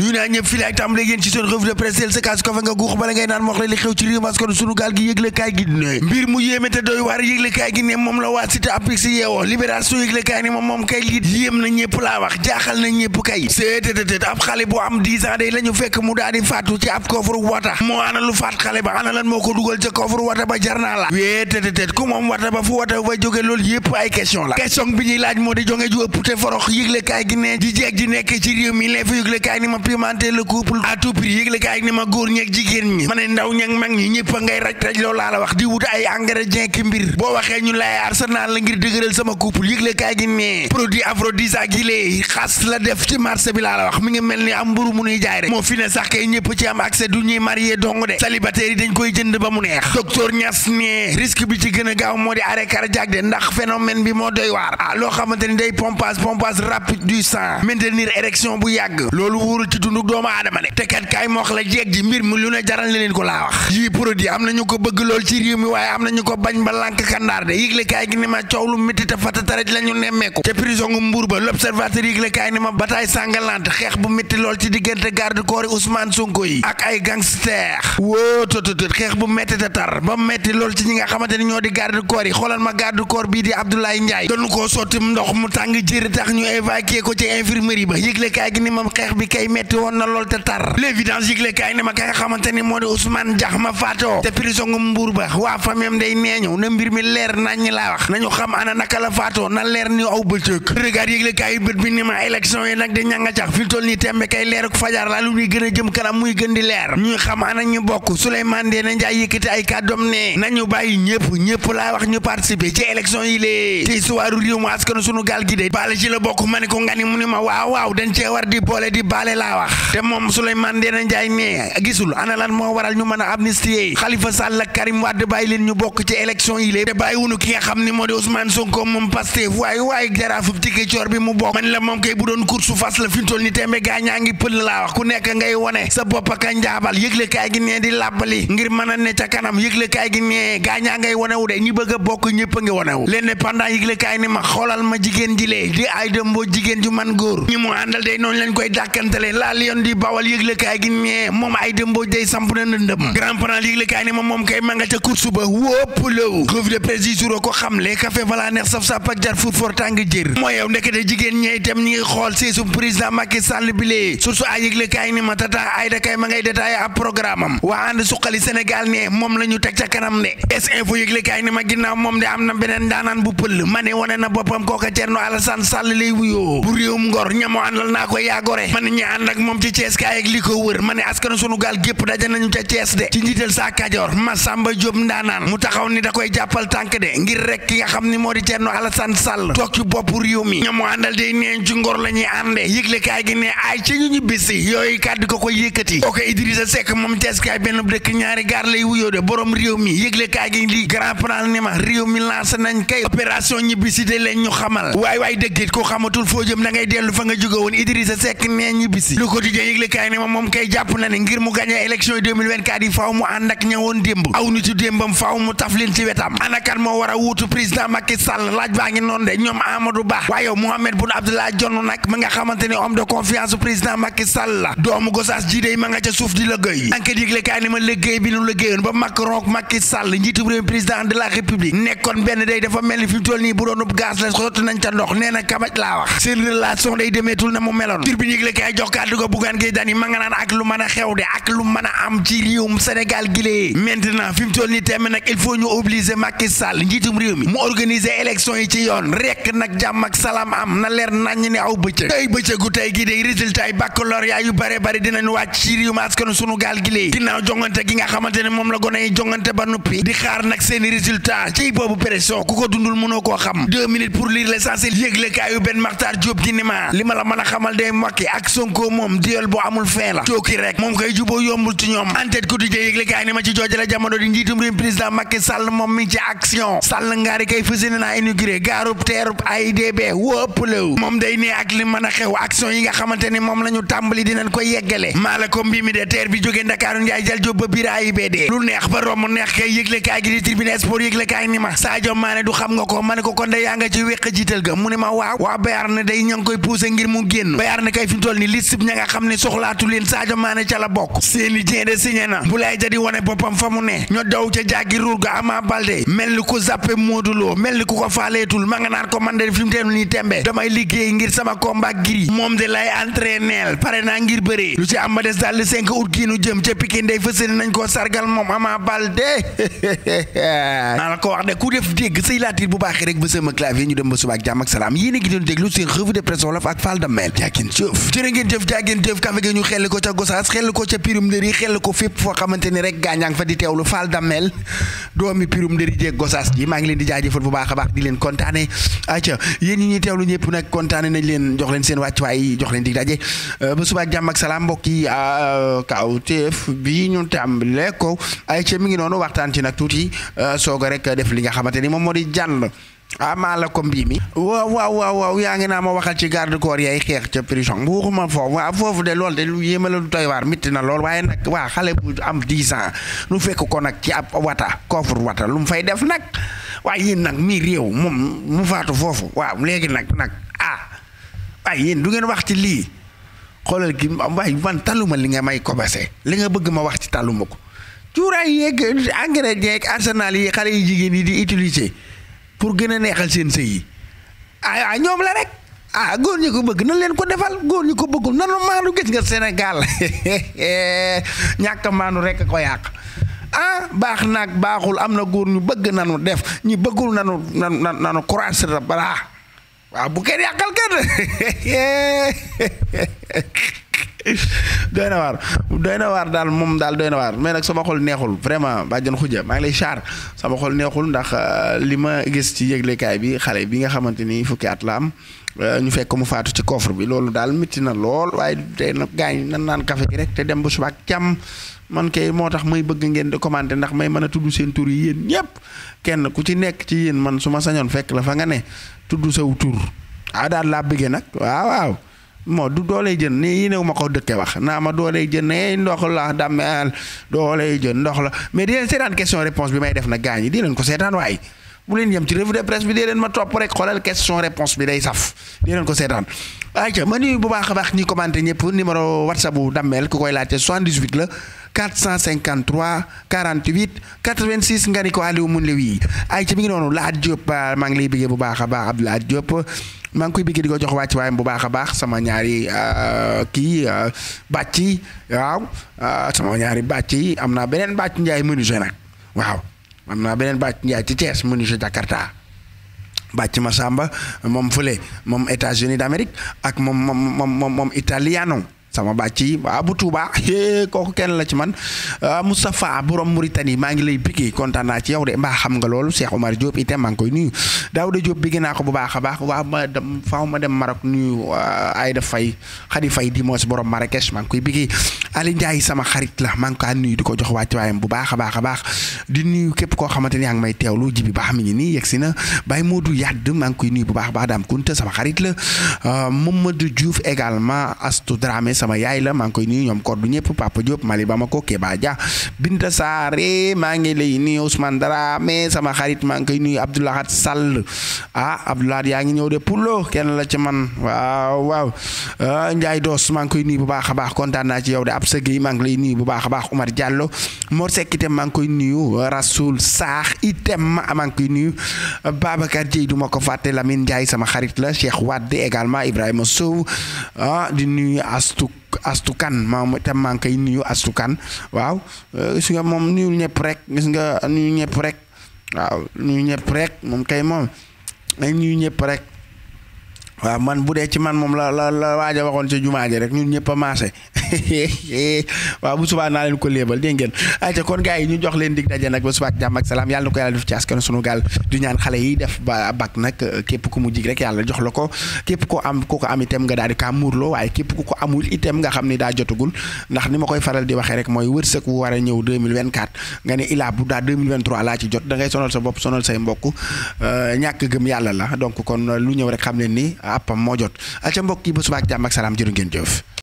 nuyu naa ñëpp fi laay tàmbalee yéen ci seen revue de presse el sa kaas nga guux bala ngay naan wax la li xew ci réew maskanu sunu gaal gi yëglekaay gi ne mbir mu yéeme te doy waar yëglekaay gi ne moom la waa cité apix yeewoo libération moom kay li yéem kay seetetetet ab xale bu am ci ab koofar moo ana faat xale ba ana moo ko dugal ca koofar wata ba jar naa la weetetetet ku moom wata ba fu wata ba jóge loolu yëpp ay question la question bi ñuy réprimander le couple à tout prix yëglekaay ni ma góor ñeeg jigéen ñi ma ne ndaw ñeeg mag ñi ñëpp a ngay raj raj loolu laa la wax di wut ay ingrédients ki mbir boo waxee ñu lay arsenal la ngir dëgëral sama couple yëglekaay gi ne produit aphrodisiaque yi lee xas la def ci marché bi laa la wax mi ngi mel ni am mburu mu nuy jaay rek moo fi ne sax kay ñëpp ci am accès du ñuy marié dong de célibataire yi dañ koy jënd ba mu neex docteur Niass ne risque bi ci gën a gaaw moo di arrêt cardiaque de dunduk doomu aadama de te kat kaay la jeeg ji mbir mi lu ne jaral na leen ko laa wax yii produit am nañu ko bëgg lool ci réew mi waaye am nañu ko bañ ba lànk kandaar de yëgle gi ni ma coow lu métti te fatataraj la ñu nemmeeku te prison gu mbuur ba l'observateur yëgle kaay ni ma bataille sangalante xeex bu métti lool ci diggante garde corps yi Ousmane Sonko yi ak ay gangster wóo tototët xeex bu métti te tar ba métti lool ci ñi nga xamante ni ñoo di ga corps ma garde corps bii di mu tàng jër tax ñu metti woon na lool te tar l'évidence yëgle kaay ne ma ka nga xamante ni moo di Ousmane Diakhma Fatou te prison Mbour ba waa famem day neeñu na mbir mi leer nañ ñi xam ana naka la Fatou na leer ni aw bëccëg regard yëgle kaay bët la lu ñuy gën a ñu bokk ñëpp ñëpp laa wax ñu participer ci élection yi lée ci suwaaru réew mu askan sunu gaal gi de ci la bokk ma ne ko nga ni mu ni ma waaw waaw dañ cee war di boole di baale la laa wax te moom Souleymane Ndéné Ndiaye a gisul ana lan moo waral ñu mën a amnistie Khalifa Sall ak Karim Wade bàyyi leen ñu bokk ci élection yi lée te bàyyi xam ni moo di Ousmane Sonko moom Pastef waaye waaye jaraafub tike coor bi mu bokk man la moom kay bu doon course fas la fi toll ngi pël laa kanam yëgle kaay gi nee gaa ñaa ngay wonewu de bëgg bokk ñëpp a ngi wonewu l'indépendant yëgle kaay ni ma xoolal ma jigéen ji lee di ay dëmboo jigéen ju man góor ñi mu àndal day noonu lañ koy dàkkantale la lion di bawal yëglekaay gi ñee moom ay dëmbooj day samp na ndëndëm grand plan yëglekaay ne moom moom kay ma nga ca course ba wópp lëw revue de presse du jour ko xam le café vala neex saf ak jar fuut for tàng jër moo yow ndekete jigéen ñee itam ñi xool seesum président Macky Sall bi lee surtout ay yëglekaay ni ma tata ay dakay ma ngay détaillé ab programme waa ànd suqali Sénégal ne moom la ñu teg ca kanam ne es info yëglekaay ni ma ginnaaw moom de am na beneen daanaan bu pël ma ne na boppam kooka Thierno Alassane Sall lay wuyoo bu réewum ngor nag moom ci Thiès ak li ko wër ma ne askanu sunu gaal gépp daje nañu ca Thiès de ci njiital saa Kajoor Massamba Diop ndaanaan mu taxaw ni da koy jàppal tànk de ngir rek ki nga xam ni moo di Thierno Alassane Sall toog ci bopp réew mi ñoom mu àndal de neen ci ngor la ànde yëgle kaay gi ne ay ci ñu ñu bisi yooyu kàddu ko ko yëkkati ok Idrissa Seck moom Thiès kaay benn dëkk ñaari gaar lay wuyoo de borom réew mi yëgle kaay gi li grand plan ni de leen ñu xamal waay waay dëgg ko xamatul foo jëm da ngay dellu fa nga jóge woon Idrissa Seck nee ñibbisi le quotidien yëgle kaay ne ma moom kay jàpp na ne ngir mu gagné élection yi a wuutu président doomu gosaas ji dey ma nga ca suuf di liggéey enquête yëgle ma liggéey bi nu liggéeyoon ba Macron ak Macky Sall njiitu réew président de la république nekkoon benn day dafa mel ni fi toll nii bu doonub gaz la sotti nañ ca ndox nee na laa wax seen relation day demeetul na mu meloon tur bi yëgle kaay kàddu ga Bougane Gueye Dany ma a xew a am ci réewum Sénégal maintenant fi mu nii temm nag il ñu obliger Macky Sall njiitum réew mi mu organiser élection yi ci yoon rek nag jàmm ak salaam am na leer naññ ne aw bëccëg tey bëccëgu tey gi day résultat yi baccalauréat yu bari dinañu wàcc ci réewum askanu sunu gaal gilee jongante gi nga xamante ne moom la gone yi jongante ba noppi di xaar nag seeni résultat ci boobu pression ku ko dundul mënoo koo xam deux minutes pour lire l'essentiel yëgle kaayu benn Makhtar Diop gi ni ma li ma la mën a xamal day Macky ak Sonko moom duel bu amul fin la cooki rek moom koy juboo yombul ci ñoom enquête quotidien yëgle kaay ne ma ci joojale jamono di njiitum réew président Macky Sall moom mi ci action Sall ngaari kay fësine naa inauguré gaarub teerub AIBD wóppalew moom day ne ak li mën a xew action yi nga xamante moom la ñu tàmbali dinañ ko yeggale maa la ko mbi de teer bi jógee Ndakaaru Njaay jal jóob ba biir AIBD lu neex ba romb neex kay yëgle kaay gi di ña nga xam ne soxlaatu leen Sadio Mané ca la bokk seeni jeede signé na Boulaye Dia di wane boppam fa mu ne ñoo daw ca jaggi ruur ga Ama Baldé mel ni ko zappe Modou Lo mel ni ku ko faaleetul ma nga naan ko man de fi teenu nii tembe damay liggéey ngir sama combat giri moom de lay entraîneel pare naa ngir bëree lu ci am ma des daal le 5 août kii nu jëm ca Pikine day fësal nañ ko sargal moom Ama Baldé naa la ko wax de ku def dégg say bu baax rek ba sama ñu dem ba suba ak jàmm ak salaam a jaagenteef kafe gi ñu xelli ko ca Gosaas xelli ko ca pirum ndëri xelli ko fépp foo xamante ni rek gaañaa ngi fa di teewlu Fall Damel doomi pirum ndëri jeeg Gosaas ji maa ngi leen di jaajëfal bu baax a baax leen kontaane aca yéen ñi ñuy teewlu ñëpp nag kontaane nañ leen jox leen seen wàccuwaay jox leen dig daje euh, ba suba jàmm ak salaam mbokk yi euh, kawteef bii ñu tàmbale ko ay ca mi ngi noonu waxtaan ci nag tuuti euh, soog a rek def li nga xamante ni moom moo di jàll ah maa la ko mbii mi waaw waaw waaw waaw yaa ngi naa ma waxal ci garde corps yaay xeex ca prison bu waxuma foofu waaw foofu de lool de lu yéema la lu doy waar mitti na lool waaye nag waa xale bu am 10 ans nu fekk ko nag ci ab wata coffre wata lu mu fay def nag waaye yéen nag mii réew moom mu faatu foofu waaw léegi nag nag ah waaye yéen du ngeen wax ci lii xoolal gi waaye man taluma li nga may kobase li nga bëgg ma wax ci taluma ko cuuraay yeeg engrais yeeg arsenal yi xale yi jigéen yi di utiliser pour gën a neexal seen sëy yi ah, ah ñoom la rek ah góor ñi ko bëgg nan leen ko defal góor ñu ko bëggul nan maanu gis nga Sénégal ñàkk maandu rek ko yàq ah baax naag baaxul am na góor ñu bëgg nanu def ñu bëggul nanu nanu nanu croiser balaa waaw bu kenn yàqal kenn doy na waar daal moom daal doy na waar mais nag sama xol neexul vraiment bàjjan xuja maa ngi lay char sama xol neexul ndax euh, li ma gis ci yëglekaay bi xale bi nga xamante ni fukki at la am euh, ñu fekk mu faatu ci coffre bi loolu daal métti na lool waaye tey nag gars yi nan naan café gi rek te dem ba suba ak man kay moo tax may bëgg ngeen di commenter ndax may mën a tudd seen tur yi yéen ñëpp kenn ku ci nekk ci yéen man su ma sañoon fekk la fa nga ne tudd saw tur ah daal nag waaw moo du dooley jën nii néew ma ko dëkke wax naa ma dooley jën ne ndox la dameel dooley jën ndox la mais di leen seetaan question réponse bi may def na gaañ yi di leen ko seetaan waaye bu leen yem ci revue de presse bi dee leen ma topp rek xoolal question réponse bi day saf dee leen ko seetaan ayca ma nuyu bu baax a baax ni commenté ñëpp numéro whatsapp bu dammeel ku koy laajte 78 la 453 48 86 nga ni ko Aliou mun le wii ayca mi ngi noonu Laat Diop ah, ngi lay bëggee bu baax a baax ab Laat Diop maa ngi koy bëgg di ko jox wàcc waayam bu baax a baax sama ñaari euh, kii euh, bàcc ci waaw euh, sama ñaari bàcc yi am naa beneen bàcc njaay menuisier nag waaw am naa beneen bàcc njaay ci Thiès menuisier Jakarta bàcc ma Samba moom fële moom États-Unis amérique ak moom moom moom moom italiano sama bàcc yi waaw bu Touba eh, kooku kenn la ci man ah, Moustapha borom Mauritanie maa ngi lay bigee kontaan naa ci yow de mbaa xam nga loolu Cheikh Omar Diop itam maa ngi koy nuyu Daouda Diop naa ko bu baax a baax waaw ma dem faaw ma dem Maroc nuyu ah, Aïda Faye Khady Faye di moos borom Marrakech maa ngi koy Ali Ndiaye sama xarit la maa ngi kaa nuyu di ko jox wàcc waayam bu baax a baax a baax di nuyu képp koo xamante ni yaa ngi may teewlu ji bi baax mi ngi nii yegg si na Baye Modou Yadd maa ngi koy nuyu bu baax a baax daam kunta sama xarit la ma ah, Mamadou Diouf également Astou Dramé sama yaay la maa ngi koy nuyu ñoom Kodou ñëpp Papa Diop Mali Bamako Keba jaa Binta Saare maa ngi lay nuyu Ousmane Darame sama xarit maa ngi koy nuyu Abdoulahat Sall ah Abdoulahat yaa ngi ñëw de Poulo kenn la ci man waaw waaw ah, Ndiaye Dos maa ngi koy nuyu bu baax a baax kontaan naa ci yow de ab Gueye maa ngi lay nuyu bu baax a baax Omar Diallo Mor Seck itam maa koy nuyu Rasoul Saax itam maa ngi koy nuyu Babacar Dieye duma ko fàtte Lamine Ndiaye sama xarit la Cheikh Wade également Ibrahima Sow ah, Astou Kane maam itam maa ngi koy nuyu Astou Kane waaw euh, gis nga moom nuyu ñëpp rek gis nga nuyu ñëpp rek waaw nuyu ñëpp rek moom kay moom nuyu ñëpp rek. waaw man bu dee ci man moom la la la waaja waxoon ci jumaa ji rek ñun ñëpp a maase waaw bu subaa naa leen ko léebal dégg ngeen ayca kon gaa yi ñu jox leen dig daje nag ba subaa jàmm ak salaam yàlla na ko yàlla def ci askan sunu gaal du ñaan xale yi def ba bac nag képp ku mu jig rek yàlla jox la ko képp ko am ku ko am itam nga daal di kaa muurloo waaye képp ku ko amul item nga xam ni daa jotagul ndax ni ma koy faral di waxee rek mooy wërsëg wu war a ñëw 2024 nga ne ilaa bu daa laa ci jot da sa bopp sonal say mbokk euh, ñàkk gëm yàlla la donc kon lu ñëw rek xam leen ni àppam moo jot ca mbokk yi ba subaak jàmm ak salaam jërë ngeen jëf